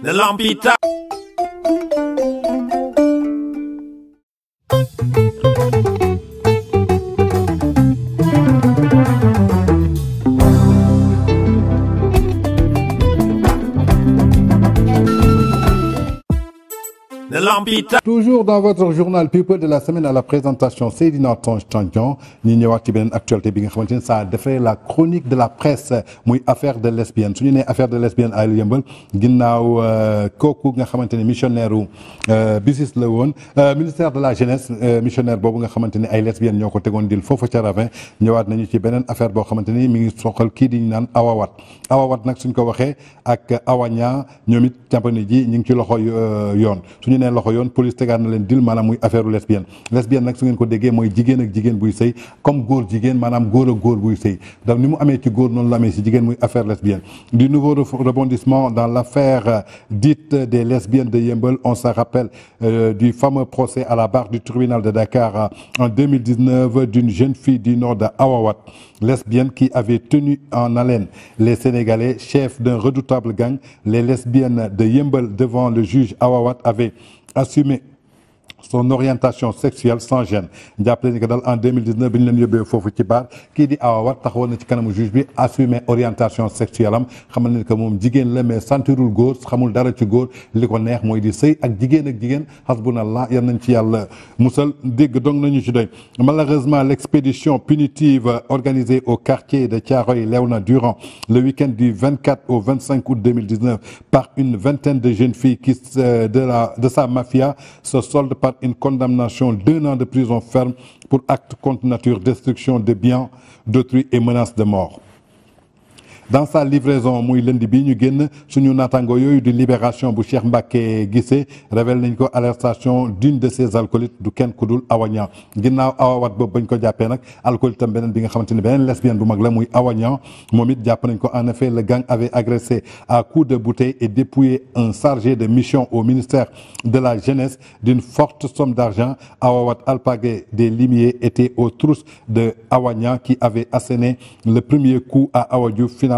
nell'ampita. toujours dans votre journal people de la semaine à la présentation Seydina Tange Tandian ñu ñëwaat ci actualité bi nga xamante ça la chronique de la presse muy affaire de lesbienne su ñu affaire de lesbienne ay yëmbal ginnaaw euh, Koku, nga missionnaire u euh, business la euh, ministère de la jeunesse missionnaire boobu nga lesbienne ne ay lesbiennes ñoo ko tegoon dil foofu ca Ravin nañu ci affaire boo xamante ni mi ngi soxal kii di ñu naan awawat awawat suñ ko ak awaña nyomit it jàmpani ji ñu ci loxo génnee loxo yoon police tegaat na leen dil manam muy affaire lesbienne lesbienne nak su ngeen ko déggee moy jigen ak jigen buy sey comme góor jigen manam góor ak góor buy sey donc ni mu amé ci non la ci si muy affaire lesbienne du nouveau rebondissement dans l'affaire dite des lesbiennes de Yembel on se rappelle euh, du fameux procès à la barre du tribunal de Dakar euh, en 2019 d'une jeune fille du nord de Awawat lesbienne qui avait tenu en haleine les Sénégalais chef d'un redoutable gang les lesbiennes de Yembel devant le juge Awawat avaient assumer son orientation sexuelle sans gêne jàppale ni que en 2019 il ñu leen yóbbee foofu ci baar kii di Awa War taxawoon na ci kanam juge bi assumer orientation sexuelle am xamal ni que mom jigen la mais sentirul góor xamul dara ci góor liko neex moy di sëy ak jigen ak jigéen hasbunallah yal nañ ci yalla musal deg donc nañu ci doy malheureusement l'expédition punitive organisée au quartier de Tiaroy Léona Durand le week-end du 24 au 25 août 2019 par une vingtaine de jeunes filles qui euh, de la de sa mafia se solde par une condamnation d'un an de prison ferme pour acte contre nature, destruction des biens d'autrui et menace de mort dans sa livraison muy lundi bi ñu génn suñu libération bu Cheikh Mbaké Gissé, révèle nañ arrestation d'une de ses alcoolites du Ken ku Awanyan. Awa awawat bañ ko alcoolite bu mag la en effet le gang avait agressé à coups de bouteille et dépouillé un chargé de mission au ministère de la jeunesse d'une forte somme d'argent awawat Alpagé des limiers était aux trousses de awañan qui avait asséné le premier coup à Awa final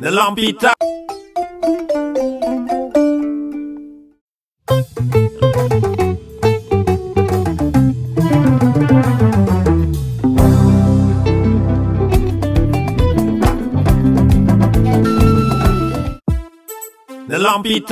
dell'ampita. Dell'ampita.